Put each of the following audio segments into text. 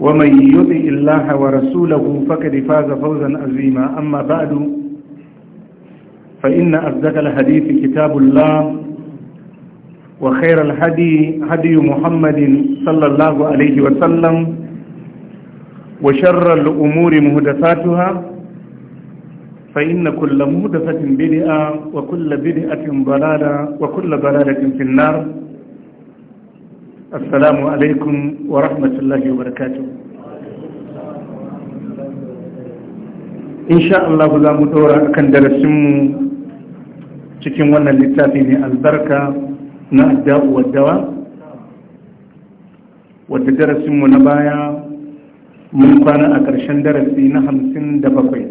ومن يطع الله ورسوله فقد فاز فوزا عظيما أما بعد فإن أصدق الحديث كتاب الله وخير الهدي هدي محمد صلى الله عليه وسلم وشر الأمور مهدفاتها فإن كل مهدفة بدئة وكل بدئة ضلالة وكل ضلالة في النار assalamu alaikum wa rahmatullahi wa barakatuh insha Allah za mu dora akan darasinmu cikin wannan littafi mai albarka na addabu wa dawa wadda darasinmu na baya mun kwana a ƙarshen darasi na hamsin da bakwai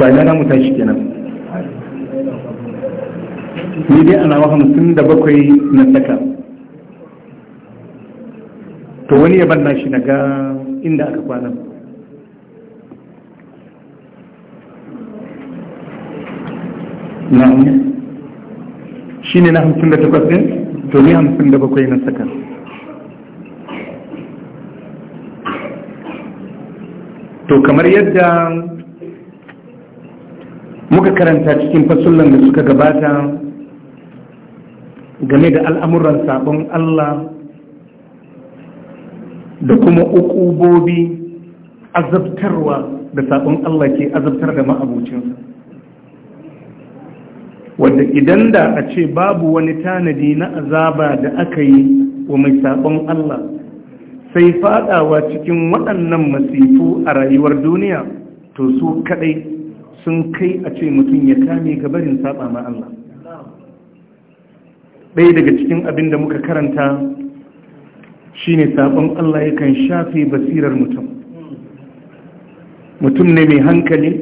to ina na mutan shi kenan ni dai ana wa hamsin da bakwai na saka to wani ya banna shi na ga inda aka kwana na'am shi ne na hamsin da takwas ɗin to ni hamsin da bakwai na saka to kamar yadda muka karanta cikin fasullan da suka gabata game da al'amuran sabon Allah da kuma ukubobi azabtarwa da sabon Allah ke azabtar da ma'abucinsa Wadda idan da a ce babu wani tanadi na azaba da aka yi wa mai sabon Allah sai fadawa cikin waɗannan masifu a rayuwar duniya to su kaɗai sun kai a ce mutum ya kame gabarin saba ma Allah ɗaya daga cikin abin da muka karanta shine sabon Allah yakan shafe basirar mutum mutum ne mai hankali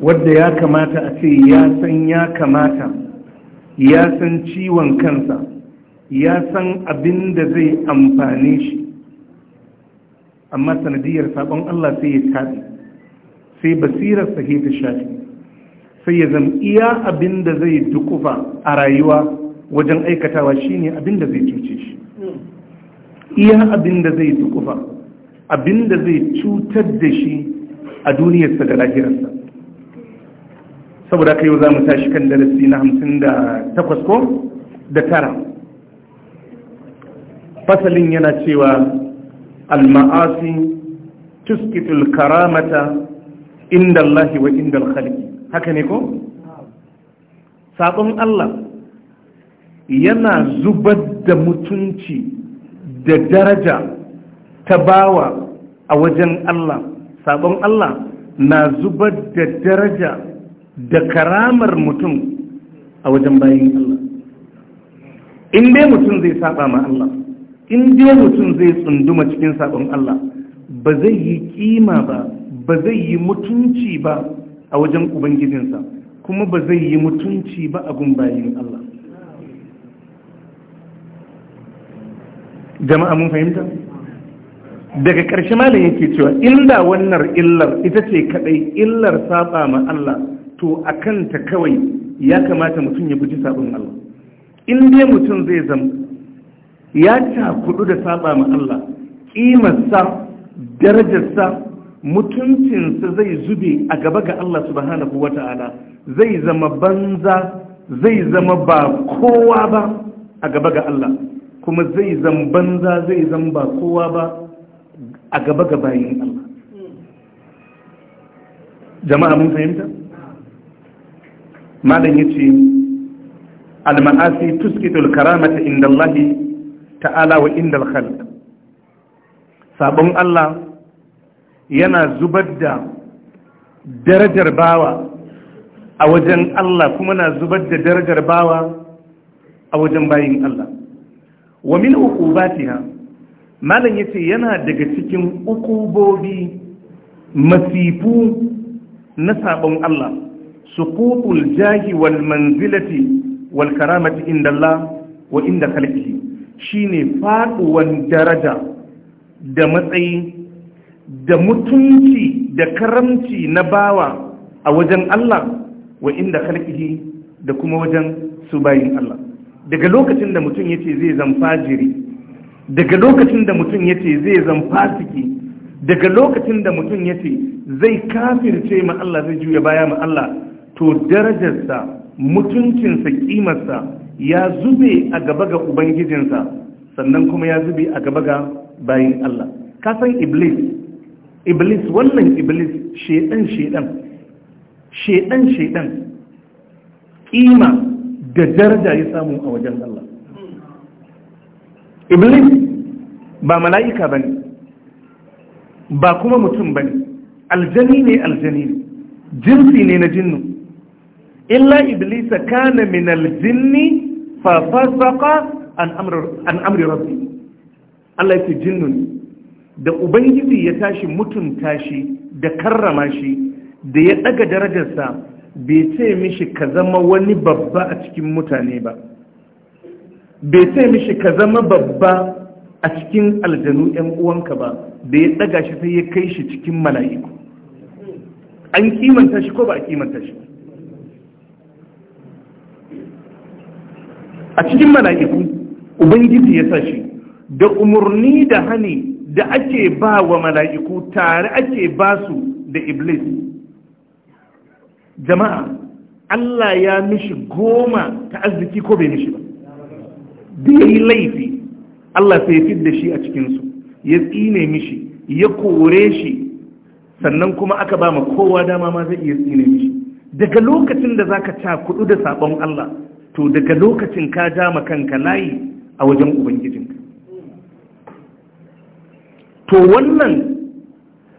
wadda ya kamata a ce ya san ya kamata ya san ciwon kansa ya san abin da zai amfane shi amma sanadiyar sabon Allah sai ya tabi sai basirar sa ta shafi sai ya zama iya abin da zai dukufa a rayuwa wajen aikatawa shine abin da zai cuce shi iya abin da zai dukufa abin da zai cutar da shi a duniyarsa da lahirarsa saboda kai yau za mu tashi kan darasi na hamsin da takwas ko da tara fasalin yana cewa al-ma'asi tuskitul karamata inda Allah wa inda al-khalqi haka ne ko sabon Allah yana zubar da mutunci da daraja ta bawa a wajen Allah sabon Allah na zubar da daraja da karamar mutum a wajen bayin Allah in dai mutum zai saba ma Allah in dai mutum zai tsunduma cikin sabon Allah ba zai yi kima ba ba zai yi mutunci ba a wajen ubangijinsa kuma ba zai yi mutunci ba a gumbayin Allah jama'a mun fahimta daga ƙarshe malam yake cewa inda wannan illar ita ce kadai illar saba ma Allah to a kanta kawai ya kamata mutum ya guji sabon Allah in dai mutum zai zama ya cakudu da saba ma Allah ƙimarsa darajarsa mutuncinsa zai zube a gaba ga Allah subhanahu wa ta'ala zai zama banza zai zama ba kowa ba a gaba ga Allah kuma zai zama banza zai zama ba kowa ba a gaba ga bayin Allah jama'a mun fahimta? malam ya ce al-ma'asi tuskitul karamata inda Allah ta'ala wa inda al-khalq sabon Allah yana zubar da darajar bawa a wajen Allah kuma na zubar da darajar bawa a wajen bayin Allah wa min uqubatiha malam ce yana daga cikin uqubobi masifu na sabon Allah suqutul jahi wal manzilati wal karamati inda Allah wa inda Shi shine faɗuwan daraja da matsayi da mutunci da karamci na bawa a wajen Allah wa inda khalqihi da kuma wajen su bayin Allah daga lokacin da mutum yace zai zan fajiri daga lokacin da mutum yace zai zan fasiki daga lokacin da mutum yace zai kafirce ma Allah zai juya baya ma Allah to darajarsa mutuncinsa kimarsa ya zube a gaba ga ubangijinsa sannan kuma ya zube a gaba ga bayin Allah kasan iblis iblis wannan iblis shedan shedan shedan shedan kima da daraja ya samu a wajen Allah iblis ba mala'ika ba ne ba kuma mutum ba ne aljani ne aljani ne jinsi ne na jinnu illa iblisa kana min aljinni fa fasaka an amri rabbi Allah ya ce jinnu ne da ubangiji ya tashi mutunta shi da karrama shi da ya daga darajarsa bai ce mishi ka zama wani babba a cikin mutane ba bai ce mishi ka zama babba a cikin aljanu 'yan uwanka ba da ya daga shi sai ya kai shi cikin mala'iku an kimanta shi ko ba a kimanta shi a cikin mala'iku ubangiji ya sa shi da umarni da hani da ake ba wa mala'iku tare ake ba su da iblis jama'a Allah ya mishi goma ta arziki ko bai mishi ba da laifi Allah sai fi da shi a cikinsu ya tsine mishi ya kore shi sannan kuma aka ba ma kowa dama ma zai iya tsine mishi daga lokacin da zaka ka ca kudu da sabon Allah to daga lokacin ka ja kanka layi a wajen ubangijinka to wannan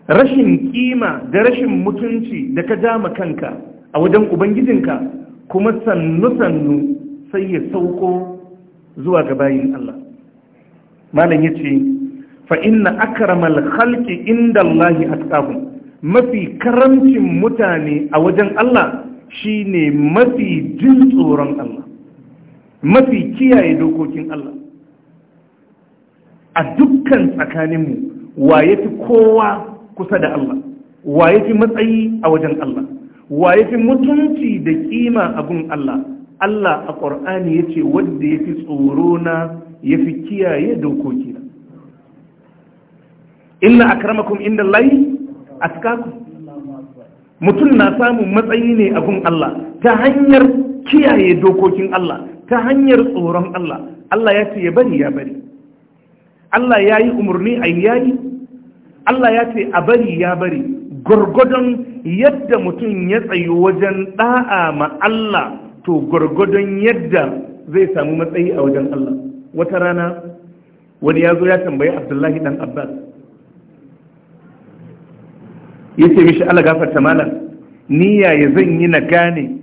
rashin kima da rashin mutunci da ka jama kanka a wajen ubangijinka kuma sannu-sannu sai ya sauko zuwa ga bayin Allah malam ya ce fa'inna akramal halki inda Allahi atqakum mafi karamcin mutane a wajen Allah shine mafi jin tsoron Allah mafi kiyaye dokokin Allah a dukkan tsakaninmu wa ya fi kowa kusa da Allah wa ya fi matsayi a wajen Allah wa ya fi mutunci da kima a gun Allah Allah a ƙor'ani ya ce wadda ya fi tsoro na ya fi kiyaye dokoki na inna akramakum inda layi a mutum na samun matsayi ne a gun Allah ta hanyar kiyaye dokokin Allah ta hanyar tsoron Allah Allah ya ce ya bari ya bari Allah ya yi umarni a yi yayi Allah ya ce a bari ya bari gwargwadon yadda mutum ya tsayi wajen ɗa'a ma Allah to gwargwadon yadda zai samu matsayi a wajen Allah wata rana wani ya zo ya tambayi Abdullahi dan Abbas ya ce mishi Allah gafarta malam ni yaya zan yi na gane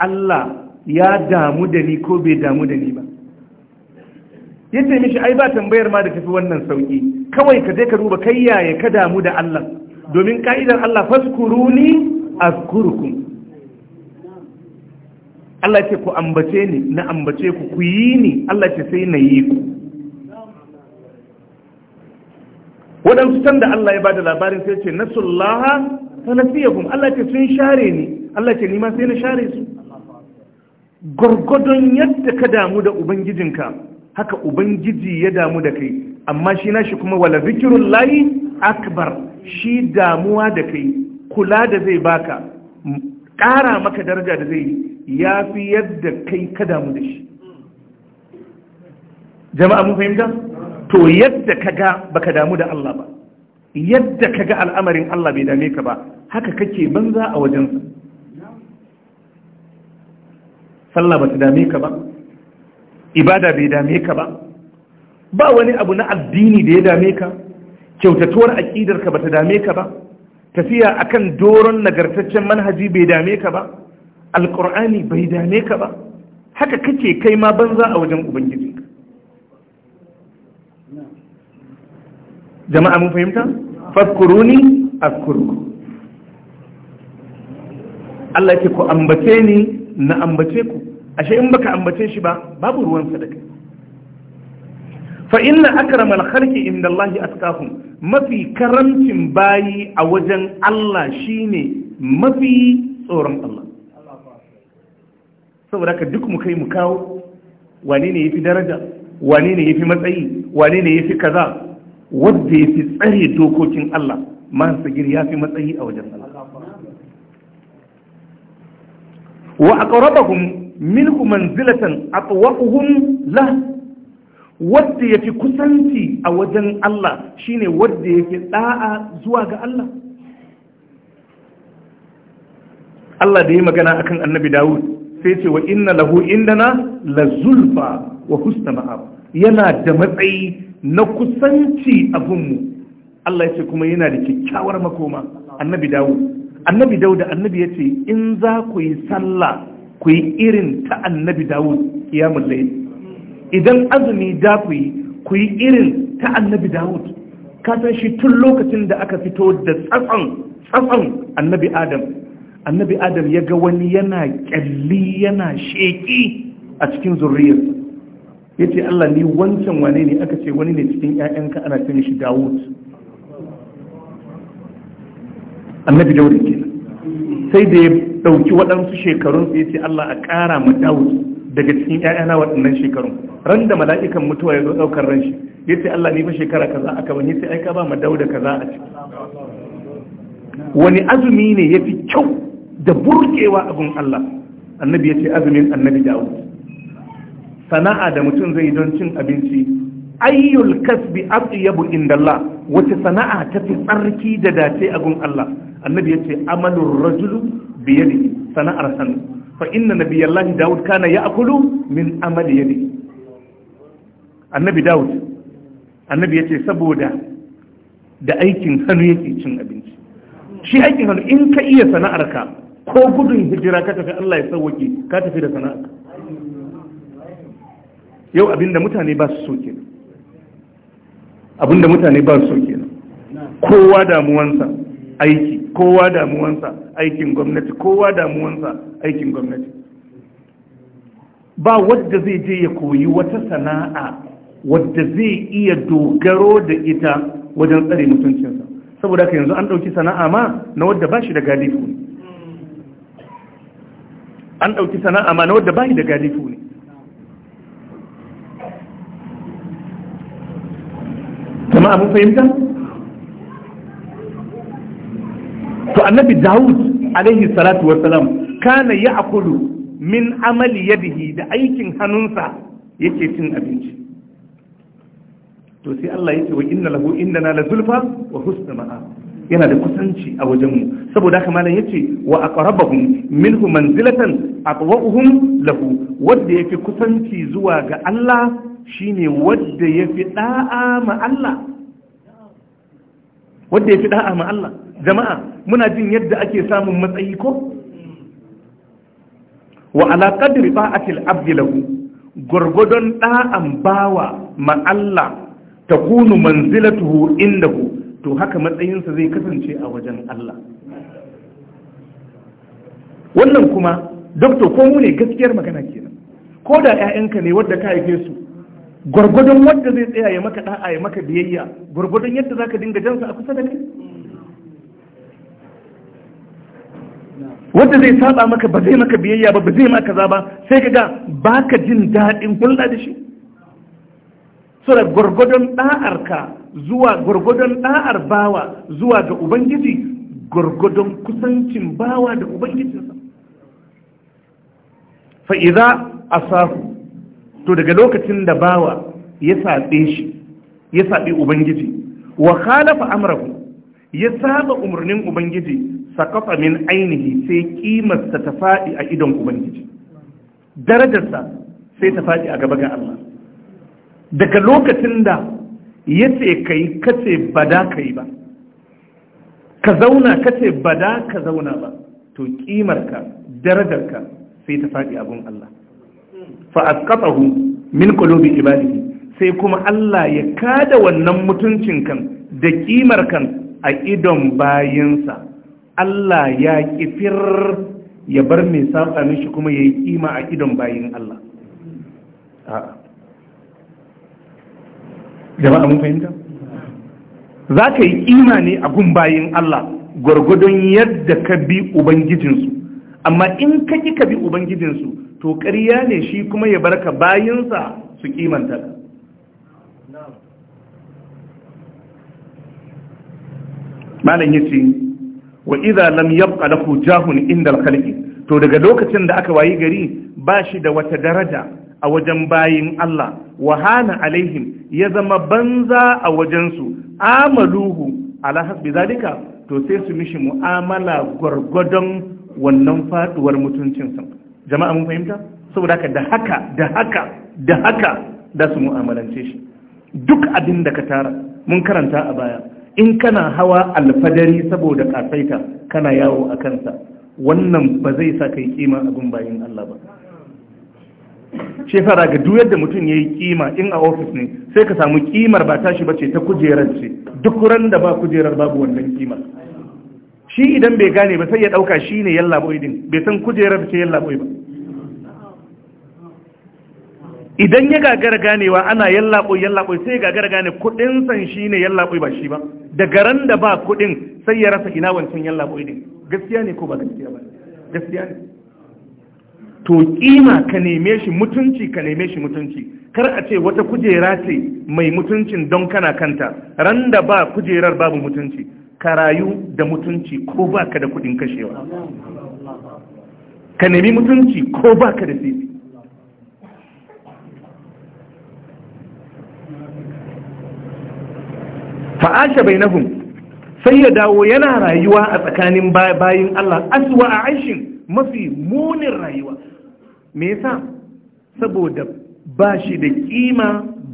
Allah ya damu da ni ko bai damu da ni ba yace mishi ai ba tambayar ma da tafi wannan sauki kawai ka je ka duba kai yaya ka damu da Allah domin ka'idar Allah faskuruni azkurukum Allah ce ku ambace ni na ambace ku ku yi ni Allah ce sai na yi ku waɗansu can da Allah ya ba da labarin sai ce nasullaha ta nasiyahum Allah ce sun share ni Allah ce nima sai na share su gwargwadon yadda ka damu da ubangijinka haka ubangiji ya damu da kai amma shi na shi kuma wala zikirun layi akbar shi damuwa da kai kula da zai baka ƙara maka daraja da zai ya fi yadda kai ka damu da shi jama'a mun fahimta to yadda kaga ga baka damu da Allah ba yadda ka ga al'amarin Allah bai dame ka ba haka kake banza a wajensa sallah ba ta dame ka ba ibada bai dame ka ba ba wani abu na addini da ya dame ka kyautatuwar aƙidarka ba ta dame ka ba tafiya akan doron nagartaccen manhaji bai dame ka ba alƙur'ani bai dame ka ba haka kake kai ma banza a wajen ubangiji jama'a mun fahimta fadkuruni azkurku Allah yake ku ambace ni na ambace ku ashe in baka ambace shi ba babu ruwan sadaka fa inna akramal khalqi inda Allah atqahum mafi karamcin bayi a wajen Allah shine mafi tsoron Allah saboda ka duk mu kai mu kawo Wani ne yafi daraja Wani ne yafi matsayi Wani ne yafi kaza wanda yafi tsare dokokin Allah man sagir yafi matsayi a wajen Allah wa aqrabahum minhu manzilatan atwaquhum la wadda yafi kusanci a wajen Allah shine wanda yake da'a zuwa ga Allah Allah da yi magana akan Annabi Dawud sai ce wa inna lahu indana la zulfa wa husna ma'ab yana da matsayi na kusanci abunmu Allah ya ce kuma yana da kyakkyawar makoma Annabi Dawud Annabi Dawud Annabi ya ce in za ku yi sallah ku yi irin ta annabi dawud kiyamun layi idan azumi da ku yi ku yi irin ta annabi dawud ka san shi tun lokacin da aka fito da tsatson tsatson annabi adam annabi adam ya ga wani yana kyalli yana sheki a cikin zurriyar ya ce allah ni wancan wane ne aka ce wani ne cikin 'ya'yanka ana cin shi dawud annabi dawud kenan sai da ya ɗauki waɗansu shekarun sai ce Allah a ƙara ma Dawud daga cikin ‘ya'yana waɗannan shekarun ran da mala'ikan mutuwa ya zo ɗaukar ran shi ya ce Allah ni fa shekara kaza aka bani sai aika ba ma da kaza a ciki wani azumi ne ya fi kyau da burkewa abin Allah annabi ya ce azumin annabi Dawud sana'a da mutum zai don cin abinci ayyul kasbi atyabu indallah wace sana'a ta fi tsarki da dace a gun Allah annabi ya ce amalur rajulu biyadi sana'ar hannu fa inna nabiyallahi dawud kana ya'kulu min amali yadi annabi dawud annabi ya ce saboda da aikin hannu yake cin abinci shi aikin hannu in ka iya sana'arka ko gudun hijira ka tafi Allah ya sauwake ka tafi da sana'a? yau abinda mutane ba su soke. abinda mutane ba su kenan kowa damuwansa aiki kowa damuwansa aikin gwamnati kowa damuwansa aikin gwamnati ba wadda zai je ya koyi wata sana'a wadda zai iya dogaro da ita wajen tsare mutuncinsa saboda ka yanzu an ɗauki sana'a ma na wadda ba shi da galifu ne an ɗauki sana'a ma na wadda ba shi da galifu ne Zama abin fahimta to annabi Dawud alaihi salatu yi kana akulu min amali yadihi da aikin hannunsa yake cin abinci to sai Allah yake wa inna lahu na la zulfa wa husna ma'a yana da kusanci a wajenmu, mu saboda haka malam yace wa aqrabahum minhu manzilatan aqwahum lahu wanda yake kusanci zuwa ga Allah shine wadda ya fi da'a ma Allah wadda ya fi da'a ma Allah jama'a muna jin yadda ake samun matsayi ko wa ala qadri ta'atil abdi lahu gurgudon da'an bawa ma Allah takunu manzilatuhu indahu to haka matsayinsa zai kasance a wajen Allah wannan kuma doctor ko mu ne gaskiyar magana kenan ko da 'ya'yanka ne wadda ka haife su gwargwadon wanda zai tsaya ya maka da'a ya maka biyayya gwargwadon yadda zaka dinga jansa a kusa da kai wanda zai saba maka ba zai maka biyayya ba ba zai maka za ba sai ka ga baka jin daɗin hulɗa da shi so da gwargwadon ɗa'arka zuwa gwargwadon ɗa'ar bawa zuwa ga ubangiji gwargwadon kusancin bawa da ubangijinsa fa'iza a sahu to daga lokacin da bawa ya saɓe shi ya saɓe ubangiji wa khalafa amrahu ya saba umarnin ubangiji sakafa min ainihi sai kimarsa ta faɗi a idon ubangiji darajarsa sai ta faɗi a gaba ga Allah daga lokacin da ya ce kai kace ba da kai ba ka zauna kace ba ka zauna ba to kimarka darajarka sai ta faɗi abun Allah fa asqatahu min qulubi ibadihi sai kuma Allah ya kada wannan mutuncin kan da kimar kan a idon bayinsa Allah ya kifir ya bar mai saba mishi kuma ya yi kima a idon bayin Allah jama'a mun fahimta za ka yi kima ne a gun bayin Allah gwargwadon yadda ka bi ubangijinsu amma in ka ki ka bi ubangijinsu to ƙarya ne shi kuma ya barka bayinsa su kimanta ka malam yace wa idza lam yabqa lahu jahun inda al to daga lokacin da aka wayi gari ba shi da wata daraja a wajen bayin Allah wa hana alaihim ya zama banza a wajensu, su amaluhu ala hasbi zalika to sai su mishi mu'amala gwargwadon wannan faduwar mutuncinsa jama'a mun fahimta saboda haka da haka da haka da haka da su mu'amalance shi duk abin da ka tara mun karanta a baya in kana hawa alfadari saboda kasaita kana yawo a kansa wannan ba zai sa kai kima abin bayin Allah ba shefara ga duk yadda mutum ya yi kima in a ofis ne sai ka samu kimar ba tashi ba ce ta kujerar ce duk ran da ba kujerar babu wannan kimar shi idan bai gane ba sai ya ɗauka shi ne yalla boy din bai san kujerar ce yalla boy ba idan ya gagara ganewa ana yalla boy yalla boy sai ya gagara gane kudin san shi ne yalla boy ba shi ba da garan da ba kudin sai ya rasa ina wancan yalla boy din gaskiya ne ko ba gaskiya ba gaskiya ne to kima ka neme shi mutunci ka neme shi mutunci kar a ce wata kujera ce mai mutuncin don kana kanta ran da ba kujerar babu mutunci ka rayu da mutunci ko baka da kudin kashewa ka nemi mutunci ko baka da sisi fa'asha bainahum sai ya dawo yana rayuwa a tsakanin bayin Allah aswa a aishin mafi munin rayuwa me yasa saboda ba shi da kima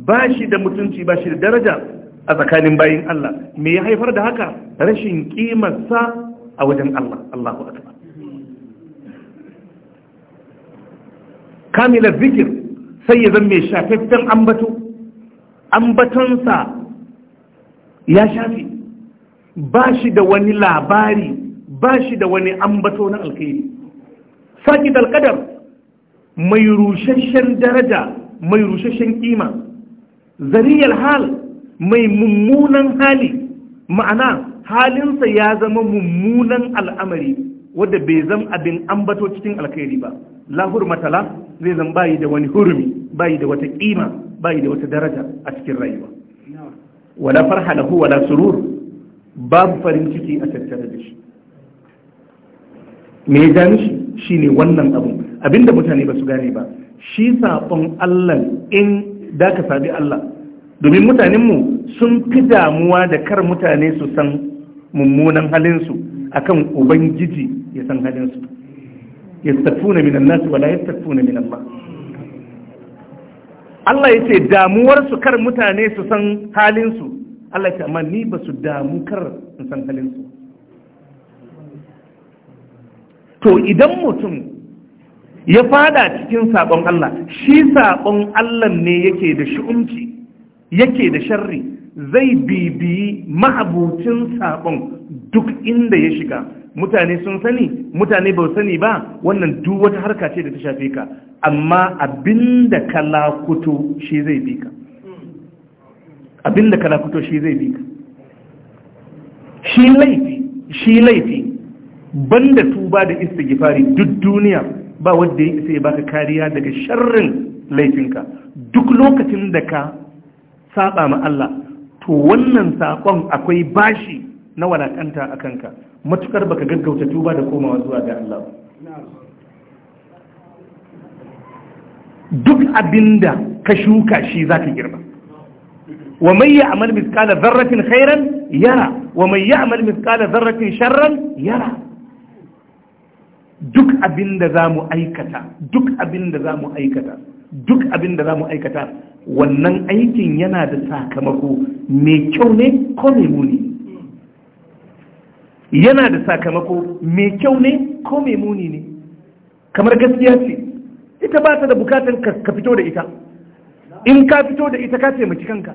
ba shi da mutunci ba shi da daraja a tsakanin bayin Allah me ya haifar da haka rashin kimarsa a wajen Allah Allahu akbar kamilar zikir sai ya zama shafaffen ambato ambatonsa ya shafi ba shi da wani labari ba shi da wani ambato na alkhairi saki dalkadar mai rushashen daraja mai rushashen kima zariyar hal mai mummunan hali ma'ana halinsa ya zama mummunan al'amari wadda bai zama abin ambato cikin alkhairi ba lahur matala zai zama bayi da wani hurumi bayi da wata kima bayi da wata daraja a cikin rayuwa wala farha lahu wala surur babu farin ciki a tattare da shi me ya gani shi shine wannan abun abinda mutane ba su gane ba shi sabon Allah in da ka sabi Allah domin mutanenmu sun fi damuwa da kar mutane su san mummunan halinsu akan ubangiji ya san halinsu yastafuna minan nasu wala yastafuna min Allah Allah ya ce damuwarsu kar mutane su san halinsu Allah ya ce amma ni ba su damu kar in san halinsu to idan mutum ya fada cikin sabon Allah shi sabon Allah ne yake da shi'unci. yake da sharri zai bibi ma'abucin sabon duk inda ya shiga mutane sun sani mutane ba sani ba wannan duk wata harka ce da ta shafe ka amma abinda ka lakuto shi zai bi ka abinda ka lakuto shi zai bi ka shi laifi shi laifi banda tuba da gifari duk duniya ba wanda ya isa ya baka kariya daga sharrin laifinka duk lokacin da ka saba ma Allah to wannan sakon akwai bashi na walakanta a kanka matukar baka gaggauta tuba da komawa zuwa ga Allah duk abinda ka shuka shi zaka girba wa mai ya amal miskala zarrafin khairan yara wa mai ya amal miskala zarrafin sharran yara duk abinda za mu aikata duk za mu aikata duk za mu aikata wannan aikin yana da sakamako mai kyau ne ko mai muni yana da sakamako mai kyau ne ko mai muni ne kamar gaskiya ce ita ba ta da bukatan ka fito da ita in ka fito da ita ka taimaki kanka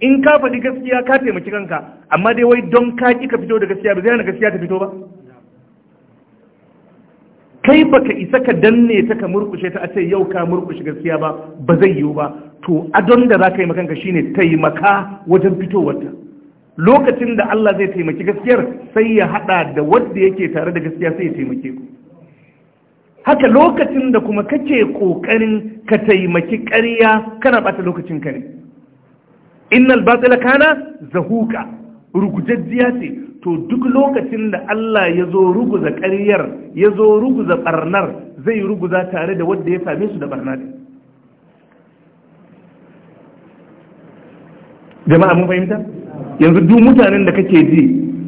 in ka faɗi gaskiya ka taimaki kanka amma dai wai don ka ƙi ka fito da gaskiya ba zai hana gaskiya ta fito ba kai baka isa ka danne ta ka murkushe ta a ce yau ka murkushe gaskiya ba ba zai yiwu ba to adon da za ka yi makanka shine taimaka wajen fitowarta lokacin da Allah zai taimaki gaskiyar sai ya haɗa da wadda yake tare da gaskiya sai ya taimake ku haka lokacin da kuma kake kokarin ka taimaki ƙarya kana bata lokacin ka ne innal batila kana zahuka rugujajjiya ce to duk lokacin da Allah ya zo ruguza ƙaryar ya zo ruguza ɓarnar, zai ruguza tare da wadda ya same su da ne. jama'a mun fahimta yanzu duk mutanen da kake ji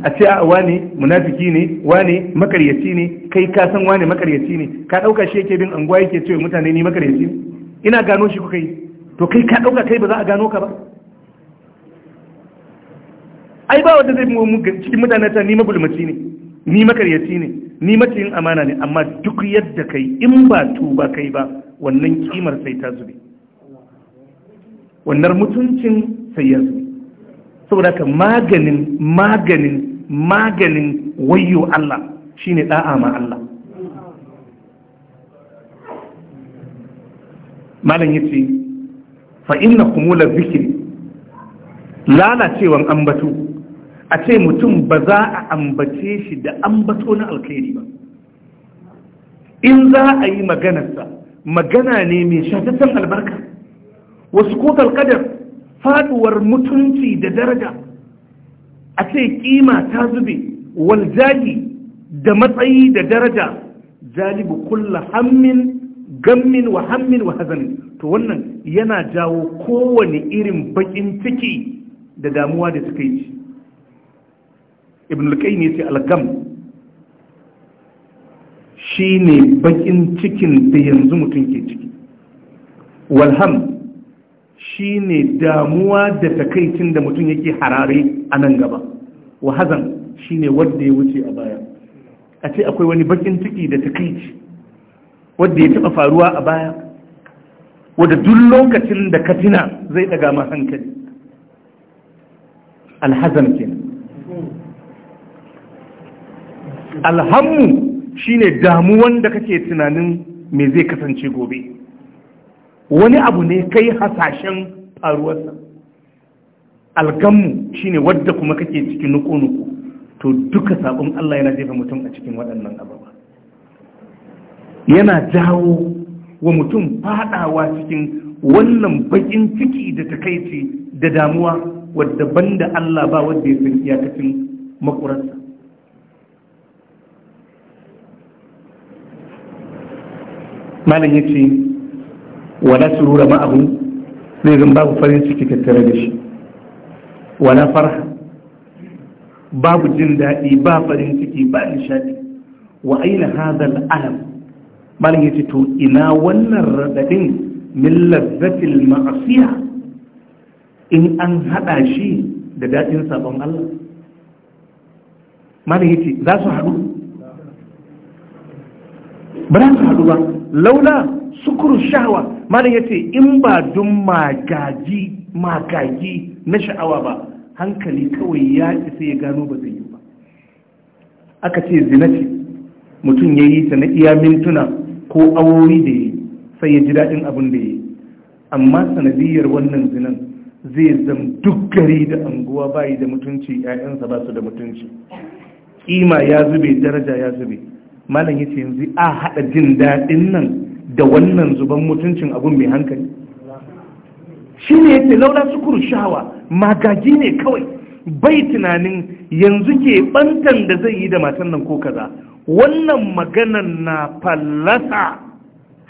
a ce a wane munafiki ne wane makaryaci ne kai ka san wane makaryaci ne ka dauka shi yake bin anguwa yake cewa mutane ni makaryaci ne ina gano shi kuka yi to kai ka dauka kai ba za a gano ka ba ai ba wanda zai mu cikin mutanen ta ni mabulmaci ne ni makaryaci ne ni maciyin amana ne amma duk yadda kai in ba tuba kai ba wannan kimar sai ta zube wannan mutuncin sai ya zo saboda ka maganin maganin maganin wayo Allah shine da'a ma Allah malam yace fa inna kumula zikri lalacewan ambato a ce mutum ba za a ambace shi da ambato na alkhairi ba in za a yi maganarsa magana ne mai shataccen albarka wasu kotar kadar faduwar mutunci da daraja a ce kima ta zube waljaji da matsayi da daraja jalibu kulla hammin gammin wa hammin wa hazanin to wannan yana jawo kowane irin bakin ciki da damuwa da suka yi ibn lukai ne ce algam shi ne bakin cikin da yanzu mutum ke ciki walham shine damuwa da takaicin da mutum yake harare a nan gaba wa hazan shine wanda ya wuce a baya a ce akwai wani bakin ciki da takaici wanda ya taba faruwa a baya wadda duk lokacin da ka tuna zai daga ma hankali alhazan kenan alhammu shine damuwan da kake tunanin me zai kasance gobe wani abu ne kai hasashen faruwarsa shi shine wadda kuma kake cikin nuku to duka sabon Allah yana jefa mutum a cikin waɗannan ababa yana jawo wa mutum faɗawa cikin wannan bakin ciki da takaici da damuwa wadda banda Allah ba wadda ya san iyakacin makurarsa malam ya ce wala surura ma'ahu zai zan babu farin ciki tattare da shi wala farha babu jin daɗi ba farin ciki ba nishaɗi wa aina hadal alam malin yace to ina wannan raɗaɗin min lazzatil ma'asiya in an haɗa shi da daɗin sabon Allah malin ce za su haɗu ba za su haɗu ba laula sukuru shawa. malam ya ce in ba dun magaji magaji na sha'awa ba hankali kawai ya isa ya gano ba zai yi ba aka ce zinaci mutum ya yi ta na iya mintuna ko awori da ya sai ya ji daɗin abin da ya yi amma sanadiyar wannan zinan zai zam duk gari da anguwa bayi da mutunci 'ya'yansa ba su da mutunci kima ya zube daraja ya zube malam ya ce yanzu a haɗa jin daɗin nan da wannan zuban mutuncin abun mai hankali shi ne yake laura sukuru shawa magagi ne kawai bai tunanin yanzu ke bantan da zai yi da matan nan ko kaza wannan maganan na fallasa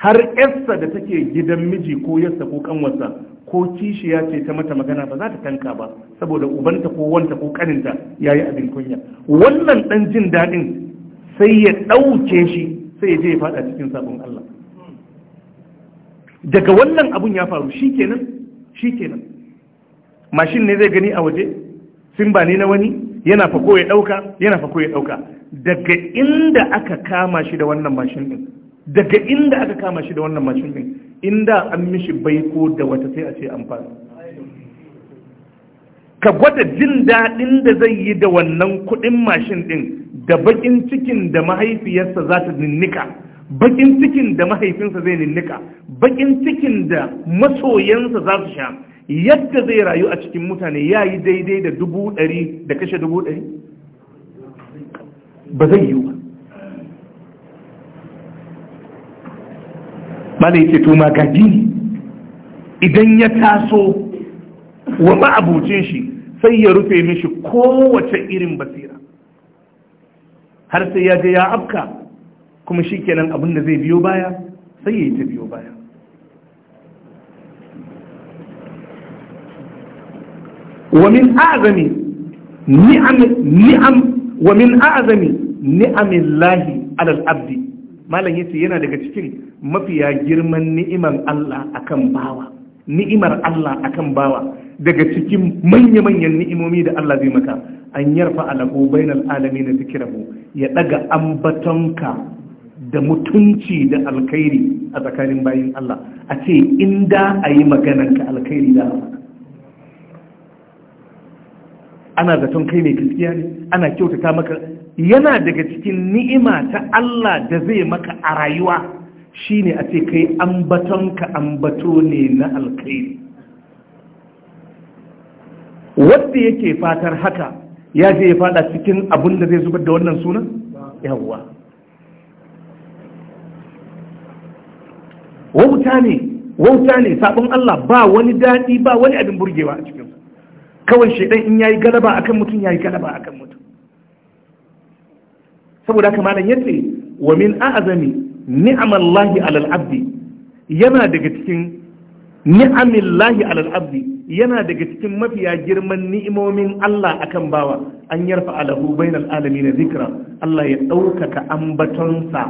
har yarsa da take gidan miji ko yarsa ko kanwarsa ko kishiya ce ta mata magana ba za ta tanka ba saboda ubanta ko wanta ko kaninta ya yi abin kunya wannan dan jin daɗin sai ya ɗauke shi sai ya je ya faɗa cikin sabon Allah daga wannan abun ya faru shikenan shikenan mashin ne zai gani a waje simba ne na wani yana fako ya dauka yana fako ya dauka daga inda aka kama shi da wannan mashin din daga inda aka kama shi da wannan mashin din inda an mishi baiko da wata sai a ce an fara ka gwada jin daɗin da zai yi da wannan kuɗin mashin ɗin da baƙin cikin da mahaifiyarsa za ta ninnika bakin cikin da mahaifinsa zai ninnika bakin cikin da masoyansa za su sha yadda zai rayu a cikin mutane ya yi daidai da dubu ɗari da kashe dubu ɗari ba zai yiwu ba mana yake to magaji ne idan ya taso wa ma'abucin shi sai ya rufe mishi kowace irin basira har sai ya je ya afka kuma shi kenan abin da zai biyo baya sai ya yi ta biyo baya Wa min نعم نعم ومن أعظم نعم الله على العبد daga cikin mafiya girman ni'imar Allah akan bawa ni'imar Allah akan bawa daga cikin manya-manyan ni'imomi da Allah zai maka an yarfa alahu bainal alamin zikrahu ya daga ambatonka da mutunci da alkhairi a tsakanin bayin Allah a ce in da a yi ka alkhairi da ana zaton kai mai gaskiya ne ana kyautata maka yana daga cikin ni'ima ta Allah da zai maka a rayuwa shine a ce kai ambaton ka ambato ne na alkhairi wanda yake fatar haka ya je ya fada cikin abin da zai zubar da wannan sunan yawwa wauta ne wauta ne sabon Allah ba wani daɗi ba wani abin burgewa a cikin kawai shaidan in yayi galaba akan mutum yayi galaba akan mutum saboda haka malam yace wa min a'zami ni'amallahi alal abdi yana daga cikin ni'amillahi alal abdi yana daga cikin mafiya girman ni'imomin Allah akan bawa an yarfa alahu bainal alamin zikra Allah ya ɗaukaka ambatonsa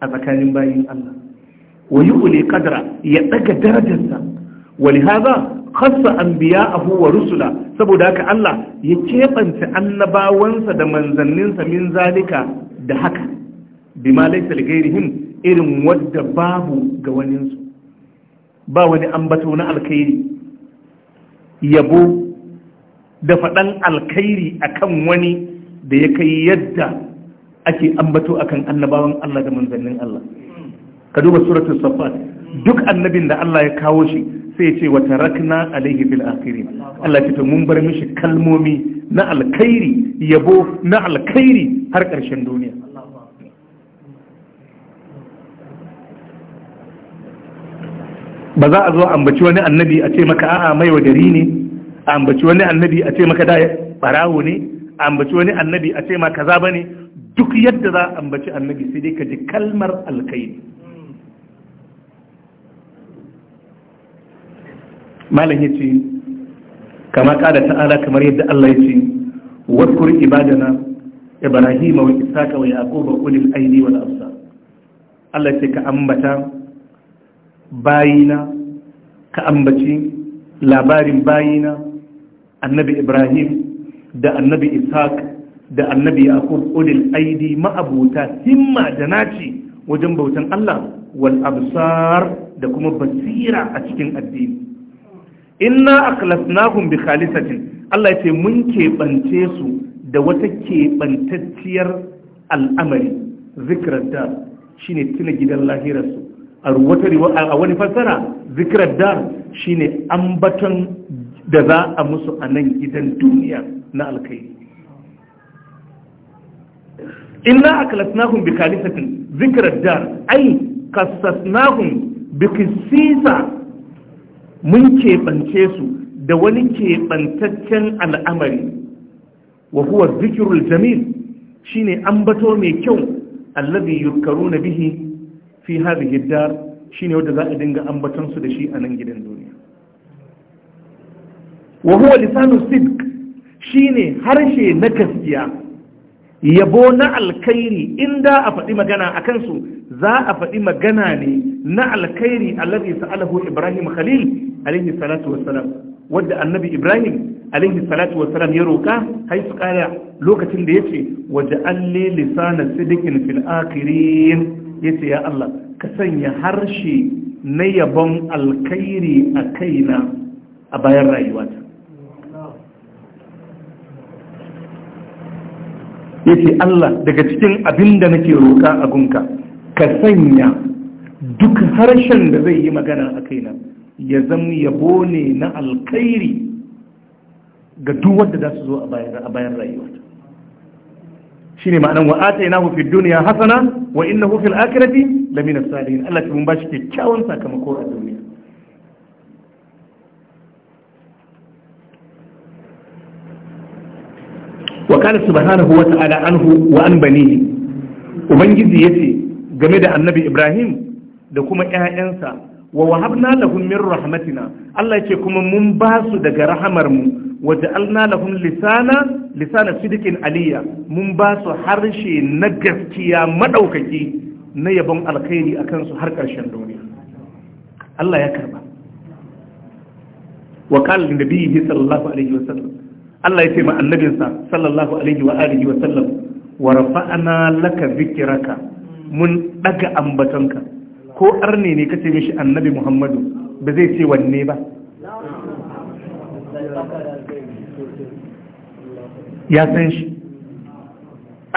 a tsakanin bayin Allah wa yi kadara ya daga darajarsa wani haza khassa an biya abu wa rusula saboda haka Allah ya keɓance annabawansa da manzanninsa min zalika da haka bi ma laisa da irin wadda babu ga wani ba wani ambato na alkhairi yabo da faɗan alkhairi akan wani da ya kai yadda ake ambato akan annabawan Allah da manzannin Allah ka duba suratul safat duk annabin da Allah ya kawo shi sai ce wa tarakna alaihi bil akhirin Allah ya ce mun bar mishi kalmomi na alkhairi yabo na alkhairi har ƙarshen duniya ba za a zo ambaci wani annabi a ce maka a'a mai wadari ne ambaci wani annabi a ce maka da barawo ne ambaci wani annabi a ce maka kaza bane duk yadda za a ambaci annabi sai dai ka ji kalmar alkhairi malam ya ce kama kada ta'ala kamar yadda Allah ya ce wadkur ibadana Ibrahim wa isaka wa yaquba ulil aidi wal absar Allah ya ce ka ambata bayina ka ambaci labarin bayina annabi ibrahim da annabi ishaq da annabi yaqub ulil aidi ma'abuta himma da naci wajen bautan Allah wal absar da kuma basira a cikin addini inna akhlasnahum bi khalisatin Allah ya ce mun keɓance su da wata keɓantacciyar al'amari zikirar dar shine tuna gidan lahirarsu a wani fassara zikirar dar shine ambaton da za a musu a nan gidan duniya na alkai inna akhlasnahum bi khalisatin zikirar dar ai kassasnahum bi qissisa mun keɓance su da wani keɓantaccen al'amari wa huwa zikirul jamil shine ambato mai kyau allazi na bihi fi hadhihi dar shine wanda za a dinga ambaton su da shi a nan gidan duniya wa huwa lisanu sidq shine harshe na gaskiya yabo na alkhairi in da a faɗi magana a kansu za a faɗi magana ne na alkhairi allazi sa'alahu ibrahim khalil alaihi salatu wassalam wadda annabi ibrahim alaihi salatu wassalam ya roka hay su kaya lokacin da yace waja'alli lisana sidikin fil akhirin yace ya allah ka sanya harshe na yabon alkhairi a kaina a bayan rayuwata yace Allah daga cikin abin da nake roƙa a gunka ka sanya duk harshen da zai yi magana a kaina ya zama yabo ne na alkhairi ga duk wanda za su zo a bayan rayuwa shi ne ma'anan wa'ata yana hufi duniya hasana wa inna hufin akirati lamina salihin Allah ta mun ba shi kyakkyawan sakamako a duniya wa qala subhanahu wa ta'ala anhu wa an ubangiji yace game da annabi ibrahim da kuma ƴaƴansa wa wahabna lahum min rahmatina Allah yace kuma mun ba su daga rahamar mu wa ja'alna lahum lisana lisana sidqin aliyya mun ba su harshe na gaskiya maɗaukaki na yabon alkhairi akan su har ƙarshen duniya Allah ya karba wa qala nabihi sallallahu alaihi sallam. Allah ya ce ma annabinsa sallallahu alaihi wa alihi wa sallam wa rafa'ana laka zikraka mun daga ambatanka. ko arne ne kace mishi annabi Muhammadu ba zai ce wanne ba ya san shi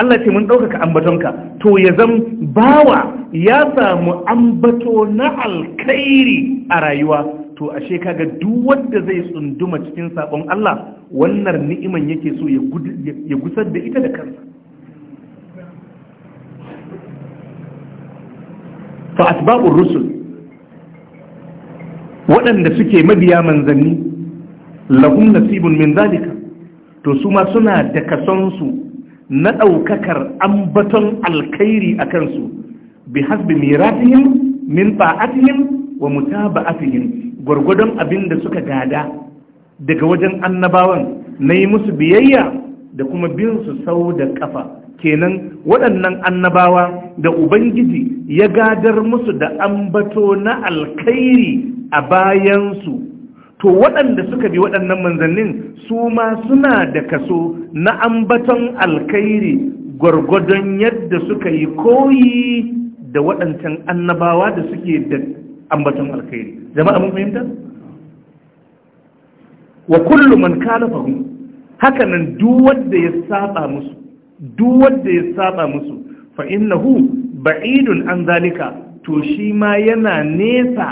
Allah ce mun ɗaukaka ambatonka to ya zam bawa ya samu ambato na alkhairi a rayuwa to ashe kaga duk wanda zai tsunduma cikin sabon Allah wannan ni'iman yake so ya gusar da ita da kansa fa asbabur rusul waɗanda suke mabiya manzanni lahum nasibun min zalika to su ma suna da kasonsu na ɗaukakar ambaton alkhairi a kansu bi hasbi miratihim min ta'atihim wa mutaba'atihim gwargwadon abin da suka gada daga wajen annabawan na yi musu biyayya da kuma bin su sau da kafa kenan waɗannan annabawa da ubangiji ya gadar musu da ambato na alkhairi a bayansu to waɗanda suka bi waɗannan manzannin su ma suna da kaso na ambaton alkhairi gwargwadon yadda suka yi koyi da waɗancan annabawa da suke da ambaton alkhairi jama'a mun fahimta wa kullu man kalafahum haka nan duk wanda ya saba musu duk wanda ya saba musu fa innahu ba'idun an zalika to shi ma yana nesa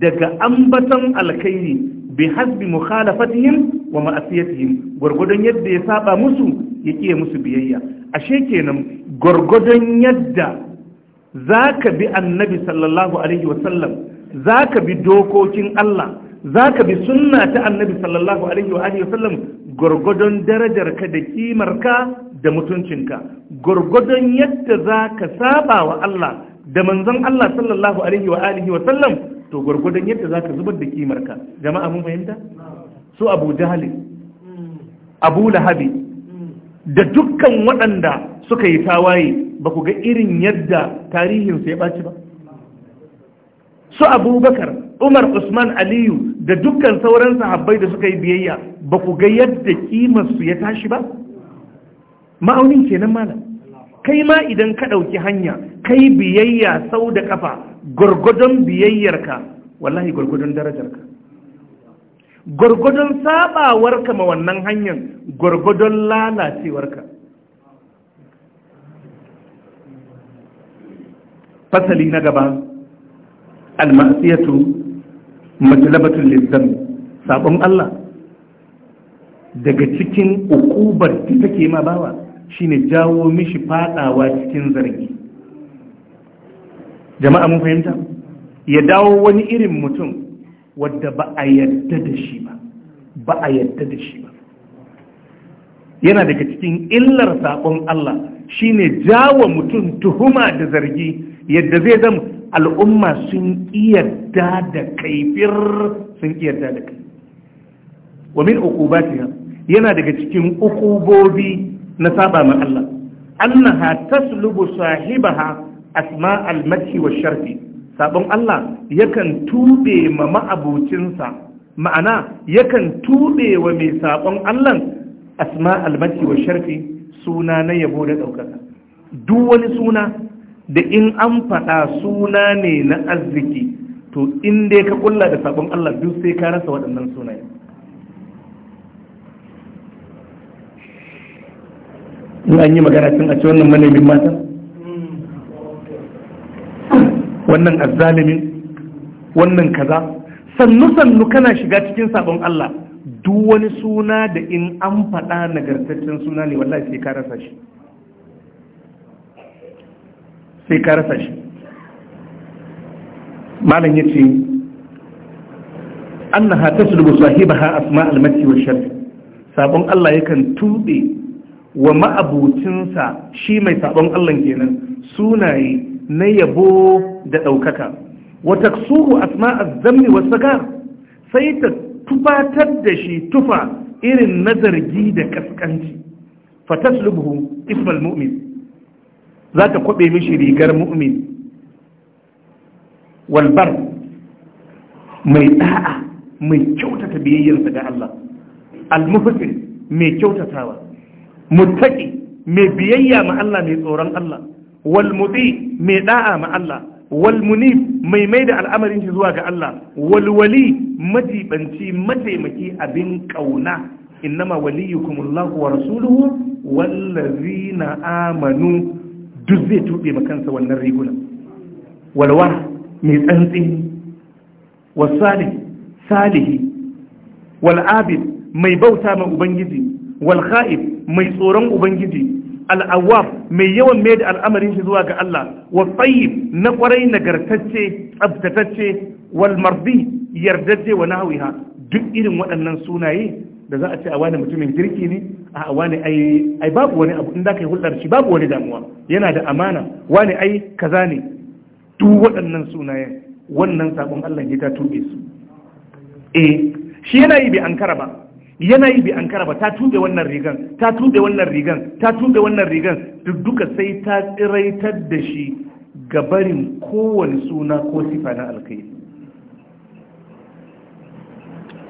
daga ambaton alkhairi bi hasbi mukhalafatihim wa ma'asiyatihim gurgudun yadda ya saba musu ya kiye musu biyayya ashe kenan gurgudun yadda zaka bi annabi sallallahu alaihi wasallam za ka bi dokokin Allah za ka bi sunna ta annabi sallallahu alaihi wa alihi wasallam darajar ka da ka da mutuncinka gurgudun yadda za ka saba wa Allah da manzon Allah sallallahu alaihi wa alihi wasallam to gurgudun yadda za ka zubar da ka jama'a mun fahimta su abu jahali abu lahabi da dukkan waɗanda suka yi tawaye ba ku ga irin yadda tarihinsu ya ɓaci ba su abubakar umar usman aliyu da dukkan sauran sahabbai da suka yi biyayya ba ku ga yadda kimarsu ya tashi ba ma'aunin kenan mana kai ma idan ka ɗauki hanya kai biyayya sau da ƙafa gwargwadon biyayyarka wallahi gwargwadon darajarka gwargwadon saɓawarka ma wannan hanyar gwargwadon lalacewarka fasali na gaba almasiyatu matalabatun lizzam sabon Allah daga cikin ukubar da take ma bawa shine jawo mishi fadawa cikin zargi jama'a mun fahimta ya dawo wani irin mutum wadda ba a yadda da shi ba ba a yadda da shi ba yana daga cikin illar saƙon Allah shine jawo mutum tuhuma da zargi yadda zai zama al'umma sun iya da kaifir sun iyadda da kai wa min uqubatiha yana daga cikin ukubobi na saba ma Allah annaha taslubu sahibaha asma al-madhi wa sharfi sabon Allah yakan tube ma ma'abucinsa ma'ana yakan tube wa mai sabon Allah asma al-madhi wa sharfi suna na yabo da daukaka duk wani suna da in an faɗa suna ne na arziki to in dai ka kulla da sabon Allah duk sai ka rasa waɗannan sunaye in an yi magana cin a ce wannan manemin matan wannan azzalimin wannan kaza sannu sannu kana shiga cikin sabon Allah duk wani suna da in an faɗa nagartaccen suna ne wallahi sai ka rasa shi sai ka rasa shi malam ya ce an na hata su dubu sahiba ha asma almasi wa shari sabon Allah yakan tuɓe wa ma'abucinsa shi mai sabon Allah kenan sunaye na yabo da ɗaukaka wata suru asma azzamni wa sagar sai ta tufatar da shi tufa irin na zargi da kaskanci fataslubuhu ismal mu'min za ka kwaɓe mishi rigar mu'min walbar mai ɗa'a mai kyautata biyayyarsa ga Allah almuhsin mai kyautatawa muttaki mai biyayya ma Allah mai tsoron Allah walmudi mai ɗa'a ma Allah Walmunif mai mai da al'amarin shi zuwa ga Allah walwali majibanci mataimaki abin ƙauna innama waliyukumullahu wa rasuluhu wallazina amanu duk zai tuɓe ma kansa wannan riguna walwala mai tsantsi wasalih salihi wal'abid mai bauta ma ubangiji walkha'ib mai tsoron ubangiji al'awaf mai yawan mai da al'amarin shi zuwa ga Allah wasayi na kwarai nagartacce tsabtatacce wal mardi yardajje wa nahawiha duk irin waɗannan sunaye da za a ce a wani mutumin kirki ne a wani ai babu wani abu inda kai ka yi hulɗar shi babu wani damuwa yana da amana wani ai kaza ne duk waɗannan sunayen wannan sabon Allah ya ta tube su eh shi yana yi bi ankara ba yana yi bi ankara ba ta tube wannan rigan ta tube wannan rigan ta tube wannan rigan duk duka sai ta tsiraitar da shi gabarin kowane suna ko sifa na alkhairi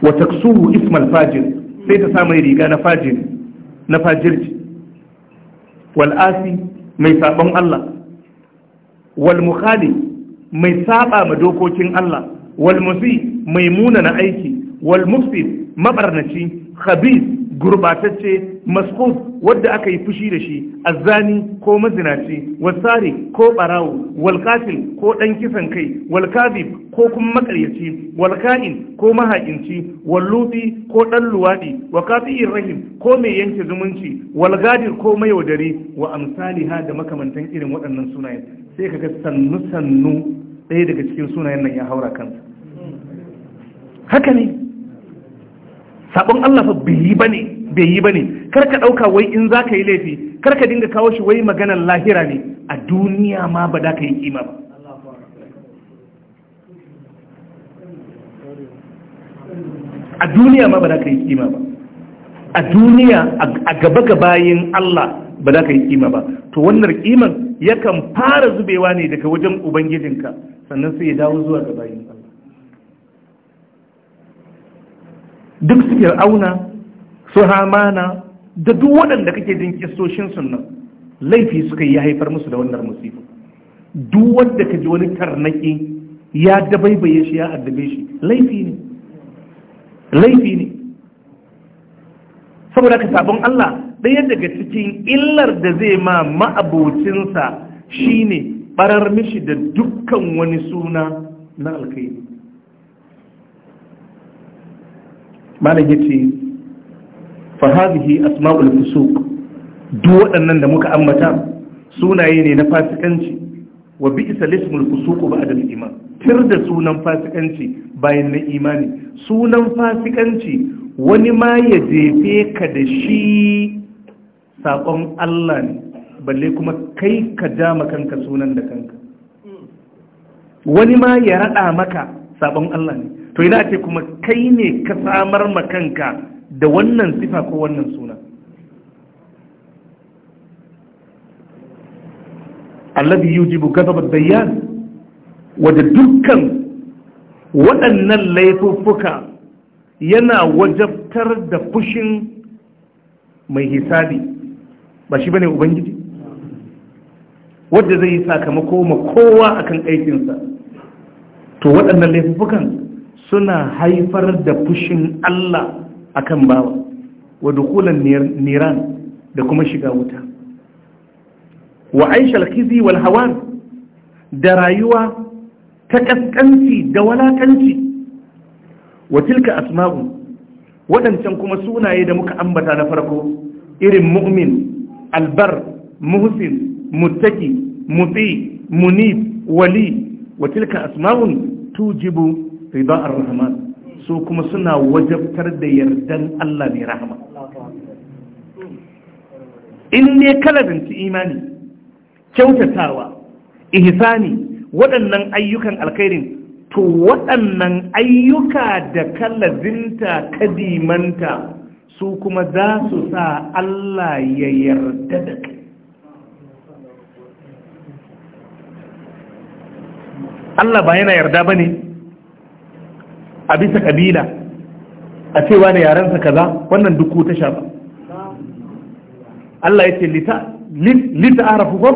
wa taksuru ismal fajir sai ta sa mai riga na fajiri na fajirci mai sabon Allah wal mukhali mai saba ma dokokin Allah wal musi mai munana aiki wal mufsid mabarnaci khabith gurbatacce maskuf wadda aka yi fushi da shi azzani ko mazinaci wasari ko barawo walkatil ko ɗan kisan kai walkazib ko kuma makaryaci walka'in ko mahaƙinci wallubi ko dan luwadi wakafi'ir rahim ko mai yanke zumunci walgadir ko mayaudari wa amsaliha da makamantan irin waɗannan sunayen sai kaga sannu sannu ɗaya daga cikin sunayen nan ya haura kansa haka ne sabon Allah fa bai yi bane bai yi bane kar ka dauka wai in zaka yi laifi kar ka dinga kawo shi wai maganar lahira ne a duniya ma ba da ka yi kima ba a duniya ma ba da ka yi kima ba a duniya a gaba gabayin Allah ba da ka yi kima ba to wannan kiman yakan fara zubewa ne daga wajen ubangijinka sannan sai ya dawo zuwa gabayin Allah duk su auna, su hamana da duk waɗanda kake jin kistoshin sunan, laifi suka yi ya haifar musu da wannan musibu duk wanda ka ji wani tarnaki ya dabaibaye shi ya addabe shi laifi ne laifi ne saboda ka sabon Allah ɗaya daga cikin illar da zai ma ma'abocinsa shine barar mishi da dukkan wani suna na alkhairi malam yace fa asma'ul fusuq duk waɗannan da muka ambata sunaye ne na fasikanci wa bi'sa lismul fusuq ba'da al-iman tir da sunan fasikanci bayan na imani sunan fasikanci wani ma ya jefe ka da shi sakon Allah ne balle kuma kai ka dama kanka sunan da kanka wani ma ya raɗa maka sabon Allah ne to yana ce kuma kai ne ka samar ma kanka da wannan sifa ko wannan suna alladhi yujibu ghadab ad-dayyan wadda dukkan waɗannan laifuffuka yana wajabtar da fushin mai hisabi ba shi bane ubangiji wadda zai yi sakamako ma kowa akan aikinsa to waɗannan laifuffukan suna haifar da fushin Allah akan bawa wa dukulan niran da kuma shiga wuta wa aishal khizi wal hawan da rayuwa ta kaskanci da walakanci wa tilka asma'u waɗancan kuma sunaye da muka ambata na farko irin mu'min albar muhsin muttaki mutsi munif, wali wa tilka asma'un tujibu riba ar-rahman su kuma suna wajabtar da yardan Allah mai rahama in ne ci imani kyautatawa ihsani waɗannan ayyukan alkhairin to waɗannan ayyuka da kalazinta kadimanta su kuma za su sa Allah ya yarda da Allah ba yana yarda ba ne a bisa kabila a cewa da yarensa kaza wannan duk ko ta shafa Allah ya ce lita arafu ko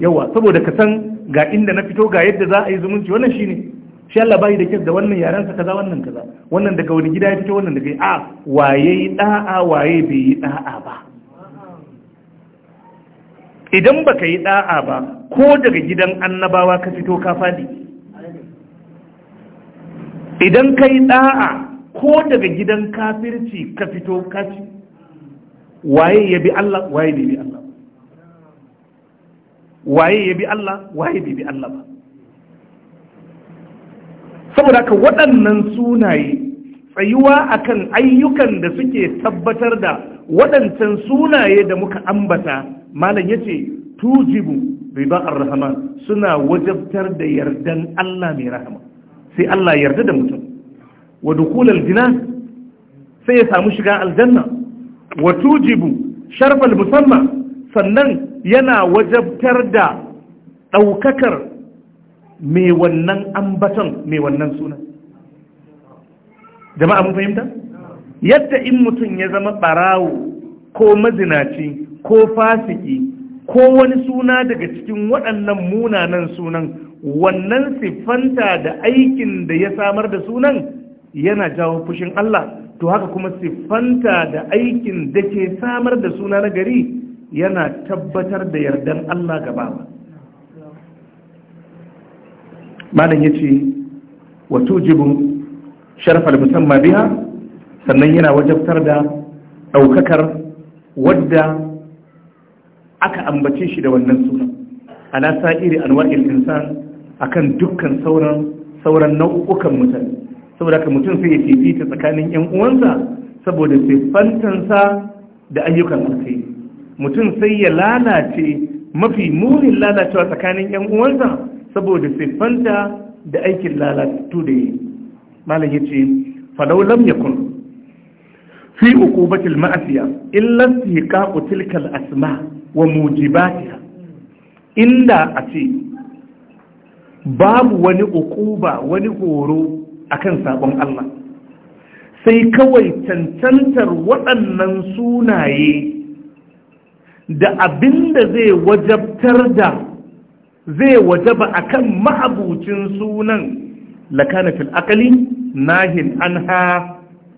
yawa saboda ka san ga inda na fito ga yadda za a yi zumunci wannan shine shi Allah bai da kyau da wannan yarensa kaza wannan kaza wannan daga wani gida ya fito wannan daga a waye yi da'a waye bai yi da'a ba idan baka yi da'a ba ko daga gidan annabawa ka fito ka fadi idan ka yi ɗa'a ko daga gidan kafirci ka fito kaci waye ya bi Allah waye bi Allah waye ya bi Allah waye bi Allah ba saboda ka waɗannan sunaye tsayuwa akan ayyukan da suke tabbatar da waɗancan sunaye da muka ambata malam ya ce tujibu riba rahman suna wajabtar da yardan Allah mai rahama sai Allah ya yarda da mutum wa dukul sai ya samu shiga aljanna wa tujibu sharfal musamman sannan yana wajabtar da ɗaukakar me wannan ambaton me wannan suna jama'a mun fahimta yadda in mutum ya zama barawo ko mazinaci ko fasiki ko wani suna daga cikin waɗannan munanan sunan wannan siffanta da aikin da ya samar da sunan yana jawo fushin Allah to haka kuma siffanta da aikin da ke samar da suna na gari yana tabbatar da yardan Allah gaba ba malam yace ce wato sharaf al musamma biya sannan yana wajabtar da ɗaukakar wadda aka ambace shi da wannan suna ala sa'iri anwar insan akan dukkan sauran sauran nau'ukan mutane saboda ka mutum sai ya fifita tsakanin yan uwansa saboda siffantansa da ayyukan alkhairi mutum sai ya lalace mafi munin lalacewa tsakanin yan uwansa saboda siffanta da aikin lalatu da yi malam yace falau lam yakun fi uqubatil ma'asiya illa istiqaqu tilkal asma wa mujibatiha inda a ce babu wani ukuba wani horo akan sabon Allah sai kawai cancantar waɗannan sunaye da abinda zai wajabtar da zai wajaba akan ma'abucin sunan lakanatul fil akali nahin anha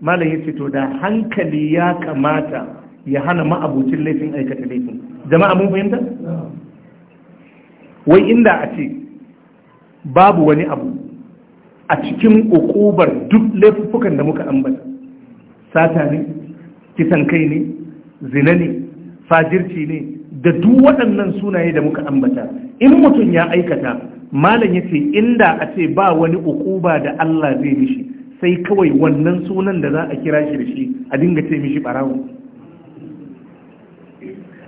malam yace to da hankali ya kamata ya hana ma'abucin laifin aikata laifin jama'a mun fahimta wai inda a ce babu wani abu a cikin ukubar duk laifukan da muka ambata sata ne kisan kai ne zina ne fajirci ne da duk waɗannan sunaye da muka ambata in mutum ya aikata malam ya ce inda a ce ba wani ukuba da Allah zai mishi sai kawai wannan sunan da za a kira shi da shi a dinga ce mishi barawo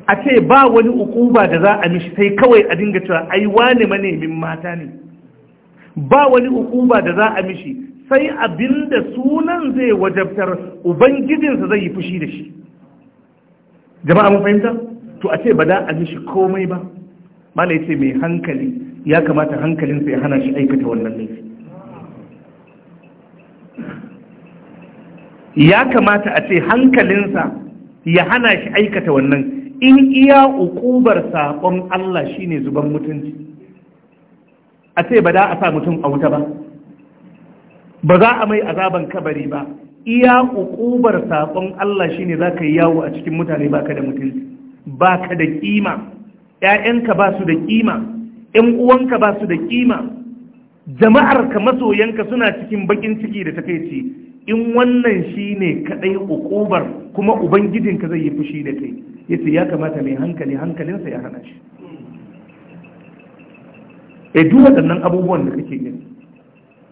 a ce ba wani ukuba da za a mishi sai kawai a dinga cewa ai wane manemin mata ne ba wani hukuma da za a mishi sai abinda sunan zai wajabtar ubangijinsa zai yi fushi da shi jama'a mun fahimta to a ce ba da a mishi komai ba mala ce mai hankali ya kamata hankalinsa ya hana shi aikata wannan laifi ya kamata a ce hankalinsa ya hana shi aikata wannan in iya ukubar saƙon Allah shine zuban mutunci a ce ba da a sa mutum a wuta ba ba za a mai azaban kabari ba iya ukubar saƙon Allah shi ne za ka yi yawo a cikin mutane ba ka da mutunci ba ka da kima ‘ya'yanka ba su da kima ‘yan uwanka ba su da kima jama'arka masoyanka suna cikin bakin ciki da ta takaici in wannan shi ne kaɗai ukubar kuma ubangijinka zai yi fushi da kai Ya ce ya kamata mai hankali hankalinsa ya hana shi e duk waɗannan abubuwan da kake yi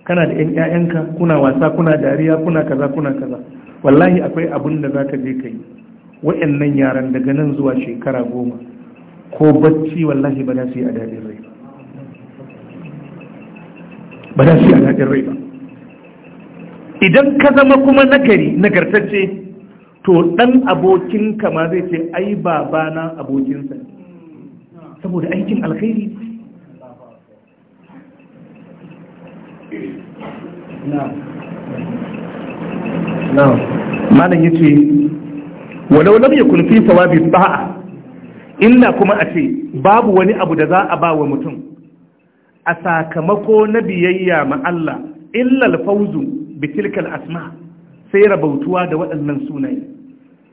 kana da 'yan 'ya'yanka kuna wasa kuna dariya kuna kaza kuna kaza wallahi akwai abin da za ka je ka yi wa'annan yaran daga nan zuwa shekara goma ko bacci wallahi ba za su yi a daɗin rai ba za su yi a daɗin rai ba idan ka zama kuma nagari nagartacce to ɗan abokinka ma zai ce ai babana abokinsa saboda aikin alkhairi malam yace walau lam yakun fi sawabi ba'a illa kuma a ce babu wani abu da za a ba wa mutum a sakamako na biyayya ma Allah illa alfawzu bi tilkal asma sai rabautuwa da waɗannan sunaye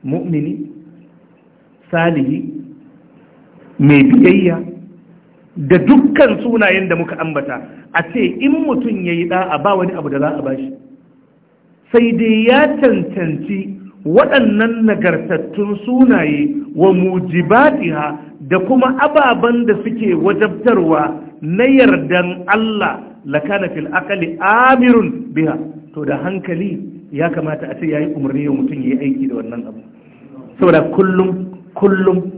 mu'mini salihi mai biyayya da dukkan sunayen da muka ambata a ce in mutum ya yi ɗa'a ba wani abu da za a bashi sai dai ya cancanci waɗannan nagartattun sunaye wa mujibatiha da kuma ababen da suke wajabtarwa na yardan Allah lakana fil akali amirun biha to da hankali ya kamata a ce ya yi umarni wa mutum ya yi aiki da wannan abu saboda kullum kullum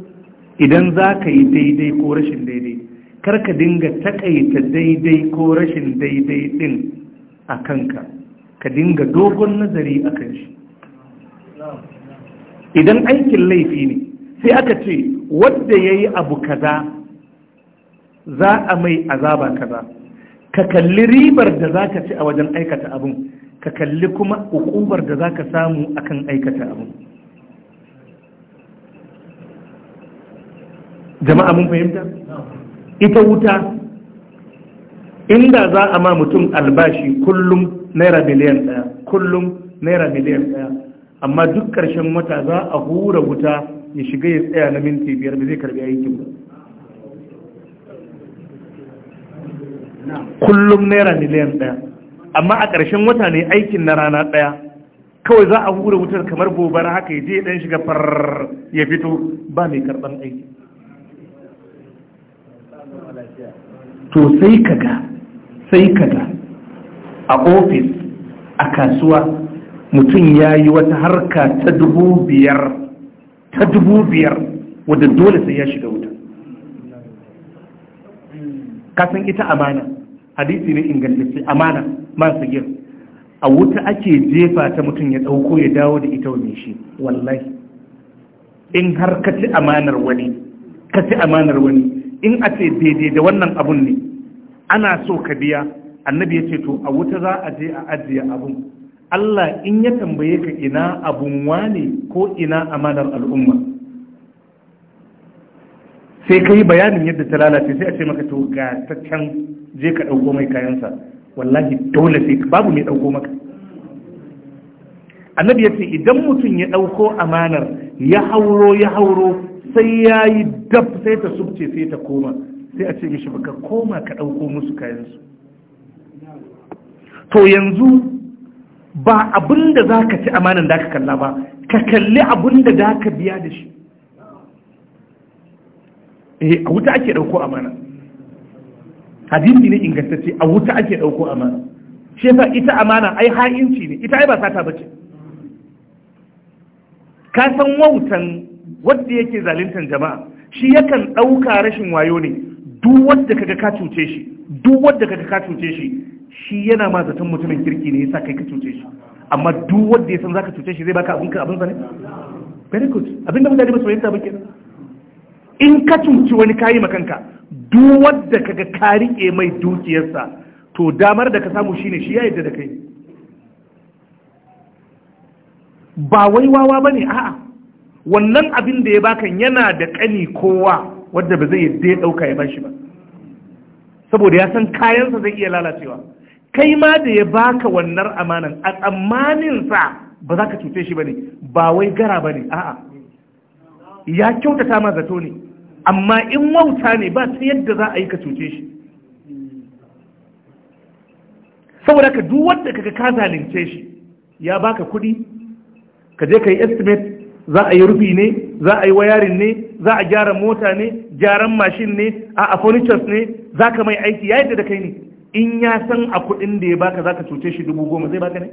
idan za ka yi daidai ko rashin daidai karka dinga takaita daidai ko rashin daidai din a kanka ka dinga dogon nazari a kan shi idan aikin laifi ne sai aka ce wadda ya yi abu kaza za a mai azaba kaza ka kalli ribar da za ka ci a wajen aikata abin ka kalli kuma hukumar da za ka samu a kan aikata abin jama'a mun fahimta? ita wuta inda za a ma mutum albashi kullum naira miliyan ɗaya kullum naira miliyan ɗaya amma duk ƙarshen wata za a hura wuta ya shiga ya tsaya na minti biyar da zai karbi aikin ba kullum naira miliyan ɗaya amma a ƙarshen wata ne aikin na rana ɗaya kawai za a hura wutar kamar gobara haka ya je ɗan shiga farar ya fito ba mai karɓar aiki to sai kaga sai kaga a ofis a kasuwa mutum ya yi wata harka ta dubu biyar ta dubu biyar wadda dole sai ya shiga wuta kasan ita amana hadisi ne ingantacce amana masu gir a wuta ake jefa ta mutum ya ɗauko ya dawo da ita wani shi wallahi in har ka ci amanar wani ka ci amanar wani in a ce daidai da wannan abun ne ana so ka biya annabi ya ce to a wuta za a je a ajiye abun Allah in ya tambaye ka ina abun wane ko ina amanar al'umma sai ka yi bayanin yadda ta lalace sai a ce maka to ga ta can je ka ɗauko mai kayansa wallahi dole sai babu mai ɗauko maka annabi ya ce idan mutum ya ɗauko amanar ya hauro ya hauro sai ya yi dab sai ta subce sai ta koma sai a ce mishi baka koma ka ɗauko musu kayansu to yanzu ba abin da za ka ci amanin da ka kalla ba ka kalli abin da za ka biya da shi eh a wuta ake ɗauko amana hadisi ne ingantacce a wuta ake ɗauko amana shi yasa ita amana ai ha'inci ne ita ai ba sata bace ka san wautan wadda yake zaluntar jama'a shi yakan ɗauka rashin wayo ne duk wanda kaga ka cuce shi duk wanda kaga ka cuce shi shi yana ma zaton mutumin kirki ne yasa kai ka cuce shi amma duk wanda ya san zaka cuce shi zai baka abin ka abin sa ne very good abinda mutane ba su fahimta ba kenan in ka cuci wani kayi ma kanka duk wanda kaga ka rike mai dukiyarsa to damar da ka samu shine shi ya yadda da kai ba wai wawa bane a'a wannan abin da ya baka yana da ƙani kowa wadda ba zai yadda ya ɗauka ya bashi ba saboda ya san kayansa zai iya lalacewa kai ma da ya baka wannan amanan a tsammaninsa ba za ka cuce shi ba ne ba wai gara ba ne a'a ya kyautata ma zato ne amma in wauta ne ba ta yadda za a yi ka cuce shi saboda ka duk wanda ka ka zalunce shi ya baka kuɗi ka je ka yi estimate za a yi rufi ne za a yi wayarin ne za a gyara mota ne gyaran mashin ne a furnitures ne za ka mai aiki ya yadda da kai ne in ya san a kuɗin da ya baka za ka cuce shi dubu goma zai baka ne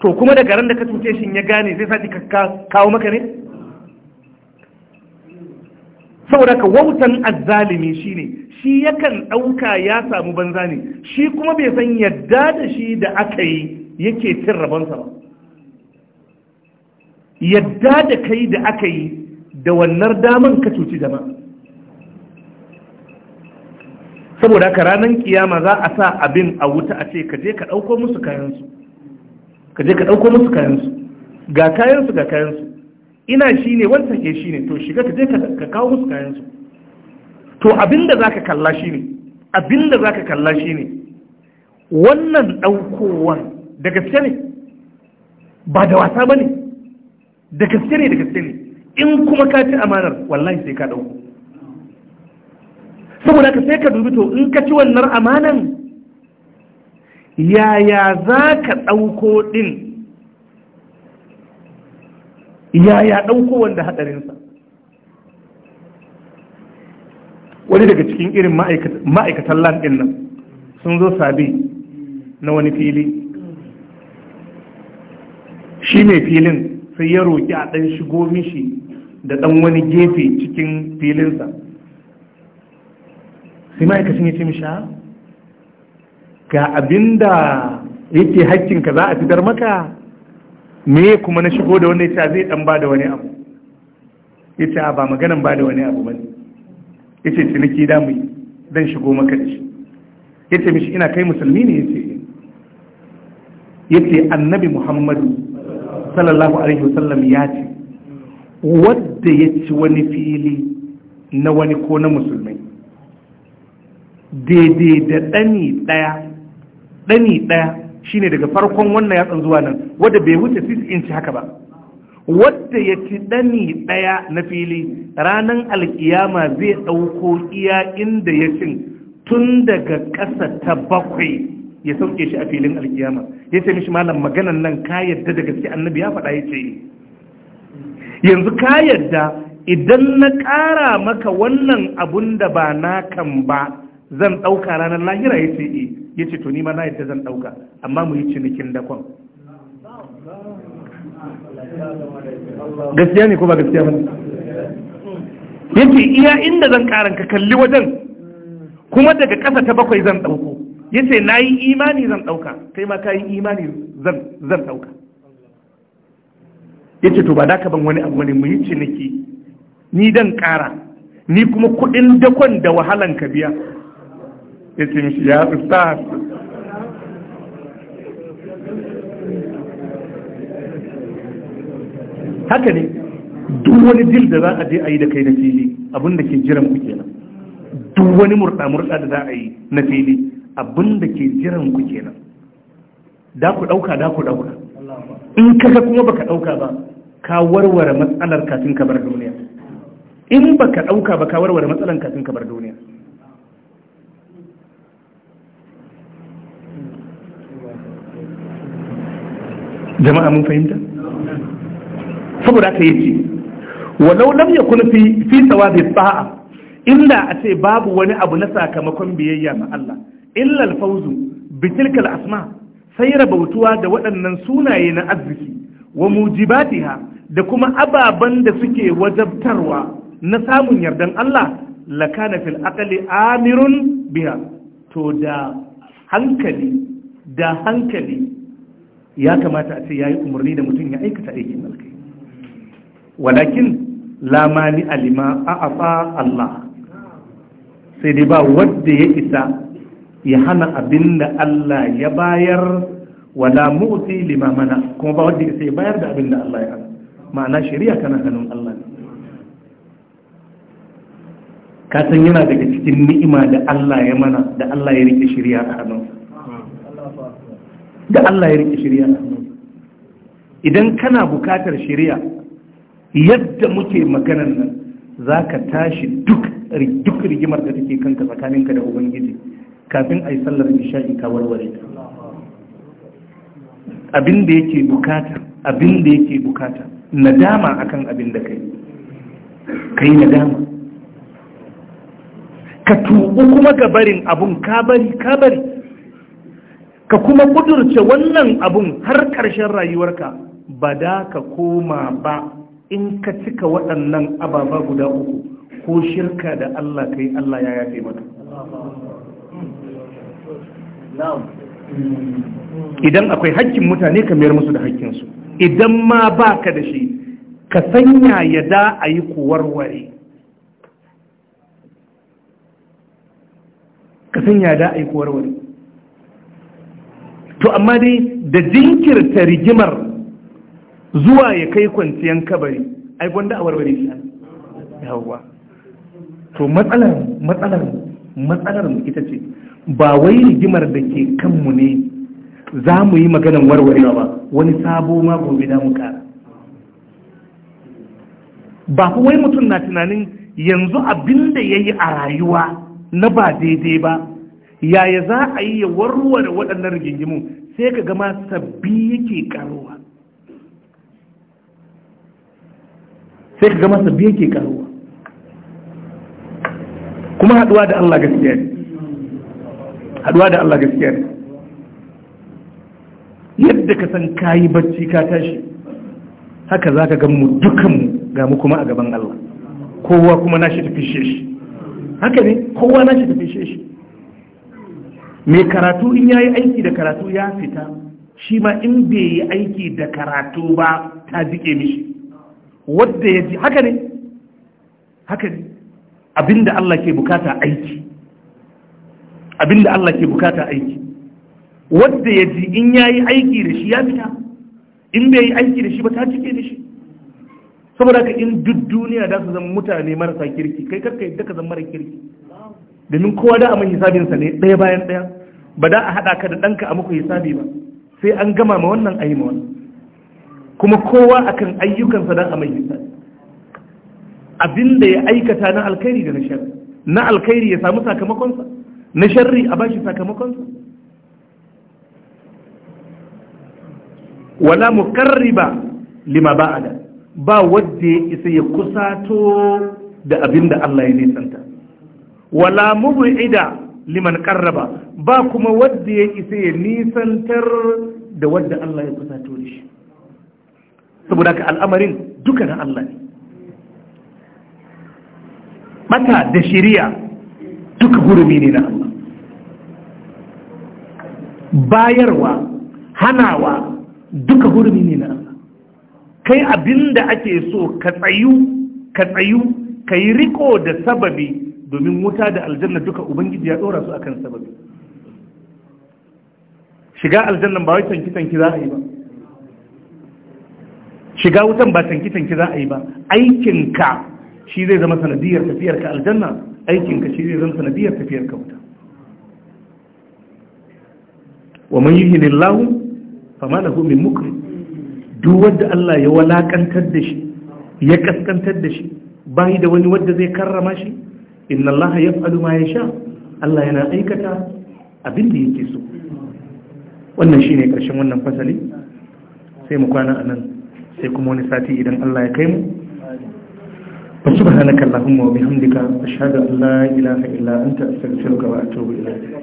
to kuma da garin da ka cuce shi ya gane zai sati ka kawo maka ne saboda ka wautan azzalimi shi ne shi yakan ɗauka ya samu banza ne shi kuma bai san yadda da shi da aka yi yake cin rabonsa ba yadda da kai da aka yi da wannan daman ka cuci jama'a saboda haka ranar kiyama za a sa abin a wuta a ce ka je ka ɗauko musu kayansu ka je ka ɗauko musu kayansu ga kayansu ga kayansu ina shi ne wancan ke eh shi ne to shiga ka je ka kawo musu kayansu to abin da za ka kalla shi ne abin da za ka kalla shi ne wannan ɗaukowar da gaske ne ba da wasa ba ne da gaske ne da gaske ne in kuma ka ci amanar wallahi sai ka ɗauko saboda ka sai ka dubi to in ka ci wannan amanan yaya za ka ɗauko ɗin yaya ɗauko wanda haɗarinsa wani daga cikin irin ma'aikatan landin nan sun zo sabi na wani fili shi mai filin sai ya roƙi a ɗan shigo mishi da ɗan wani gefe cikin filinsa sai ma'aikacin ya ce mishi ah, ga abin da yake haƙƙinka za a fitar maka me kuma na shigo da wanda ya ah, zai ɗan ba da wani abu ya ce ah, ba maganan ba da wani abu ba ne ya ce ciniki damu yi don shigo maka da shi ya ce mishi ina kai musulmi ne ya ce eh. ya ce annabi muhammadu sallallahu alaihi wasallam ya ce wadda ya ci wani fili na wani ko na musulmai daidai da ɗani ɗaya ɗani ɗaya shine daga farkon wannan yatsan zuwa nan wadda bai wuce 6 inci haka ba wadda ya ci ɗani ɗaya na fili ranar alƙiyama zai ɗauko iya inda ya cin tun daga ƙasa ta bakwai ya sauke shi a filin alkiyama ya ce mishi malam maganan nan ka yadda da gaske annabi ya faɗa ya ce yanzu ka yadda idan na ƙara maka wannan abun da ba na kan ba zan ɗauka ranar lahira ya ce e ya ce to ni ma na yadda zan ɗauka amma mu yi cinikin dakon gaskiya ne ko ba gaskiya ba ya ce iya inda zan ƙaran ka kalli wajen kuma daga ƙasa ta bakwai zan ɗauko yace na yi imani zan dauka kai ma yi imani zan zan dauka yace to ba da ka ban wani abu ne mu yi ciniki ni dan kara ni kuma kudin dakon da wahalan ka biya yace mishi ya ustaz haka ne duk wani dil da za a je a yi da kai na fili abinda da ke jiran ku kenan duk wani murɗa murɗa da za a yi na fili abin da ke jiran ku kenan da ku dauka da ku dauka in kaga kuma baka dauka ba ka warware matsalar kafin ka bar duniya in baka dauka ba ka warware matsalar kafin ka bar duniya jama'a mun fahimta saboda aka yi ce walau lam yakun fi fi tsawabi sa'a inda a ce babu wani abu na sakamakon biyayya ma Allah illal fauzu bitilkal asma sai rabautuwa da waɗannan sunaye na arziki wa mujibatiha da kuma ababen da suke wajabtarwa na samun yardan Allah lakana fil aqli amirun biha to da hankali da hankali ya kamata a ce yayi umarni da mutum ya aikata aikin alkai walakin lamani mani alima a'afa Allah sai dai ba wanda ya isa ya hana abin da Allah ya bayar wala mu'ti lima mana kuma ba wanda sai bayar da abin da Allah ya hana ma'ana shari'a tana hannun Allah ne ka san yana daga cikin ni'ima da Allah ya mana da Allah ya rike shari'a a hannunsa da Allah ya rike shari'a a hannunsa idan kana bukatar shari'a yadda muke maganar nan za ka tashi duk rigimar da take kanka tsakaninka da ubangiji kafin a yi sallar isha'i ka warware ta abin da yake bukata abin da yake bukata nadama akan abin da kai kai nadama ka tuɓu kuma ga barin abun ka bari ka bari ka kuma kudurce wannan abun har ƙarshen rayuwarka ba da ka koma ba in ka cika waɗannan ababa guda uku ko shirka da Allah kai Allah ya yafe mata. idan akwai hakkin mutane ka mayar musu da hakkinsu idan ma ba ka da shi ka sanya ya da a yi kuwarware ka sanya da a yi kuwarware to amma dai da jinkirta rigimar zuwa ya kai kwanciyan kabari ai gwanda a warware shi yawwa to matsalar matsalar matsalar ita ce ba wai rigimar da ke kanmu ne za mu yi maganan warwarewa ba wani sabo ma gobe da mu kara ba ku wai mutum na tunanin yanzu abinda yayi ya yi a rayuwa na ba daidai ba yaya za a yi ya warware waɗannan rigingimu sai ka gama sabbi yake karuwa sai ka gama sabbi yake karuwa kuma haɗuwa da Allah gaskiya ne haduwa da Allah gaskiya ne yadda ka san kayi bacci ka tashi haka za ka gan mu dukanmu ga mu kuma a gaban Allah kowa kuma nashi tafi shi haka ne kowa nashi tafi shi mai karatu in yayi aiki da karatu ya fita shi ma in bai yi aiki da karatu ba ta jike mishi wadda ya ji haka ne haka ne abinda Allah ke bukata aiki abinda Allah ke bukata aiki wadda ya ji in ya yi aiki da shi ya fita in bai yi aiki da shi ba ta cike da shi saboda ka in duk duniya da su zama mutane marasa kirki kai karka yadda ka zama mara kirki domin kowa da amma hisabinsa ne ɗaya bayan ɗaya ba da a haɗa ka da ɗanka a muku hisabi ba sai an gama ma wannan ayi ma wannan kuma kowa akan ayyukansa don a mai hisabi abinda ya aikata na alkhairi da na shar na alkhairi ya samu sakamakonsa na sharri a bashi sakamakonsa wala mukarriba lima ba'ada ba wadda ya isa ya kusato da abin da Allah ya nisanta wala mubu'ida liman karraba ba kuma wadda ya isa ya nisantar da wadda Allah ya kusato da shi saboda ka al'amarin duka na Allah ne da shiriya duka gurumi ne na Allah bayarwa hanawa duka hurumi ne na Allah kai abinda ake so ka tsayu ka tsayu ka yi riko da sababi domin wuta da aljanna duka ubangiji ya dora su akan sababi shiga aljannan ba wai tanki-tanki za a yi ba shiga wutan ba tanki-tanki za a yi ba aikinka shi zai zama sanadiyar tafiyarka aljanna aikinka shi zai zama sanadiyar tafiyarka wuta wa man yuhin Allah fa ma lahu min mukrim duk wanda Allah ya walakantar da shi ya kaskantar da shi bai da wani wanda zai karrama shi inna Allah yaf'alu ma yasha Allah yana aikata abin da yake so wannan shine karshen wannan fasali sai mu kwana anan sai kuma wani sati idan Allah ya kai mu سبحانك اللهم وبحمدك أشهد أن لا إله إلا أنت أستغفرك وأتوب إليك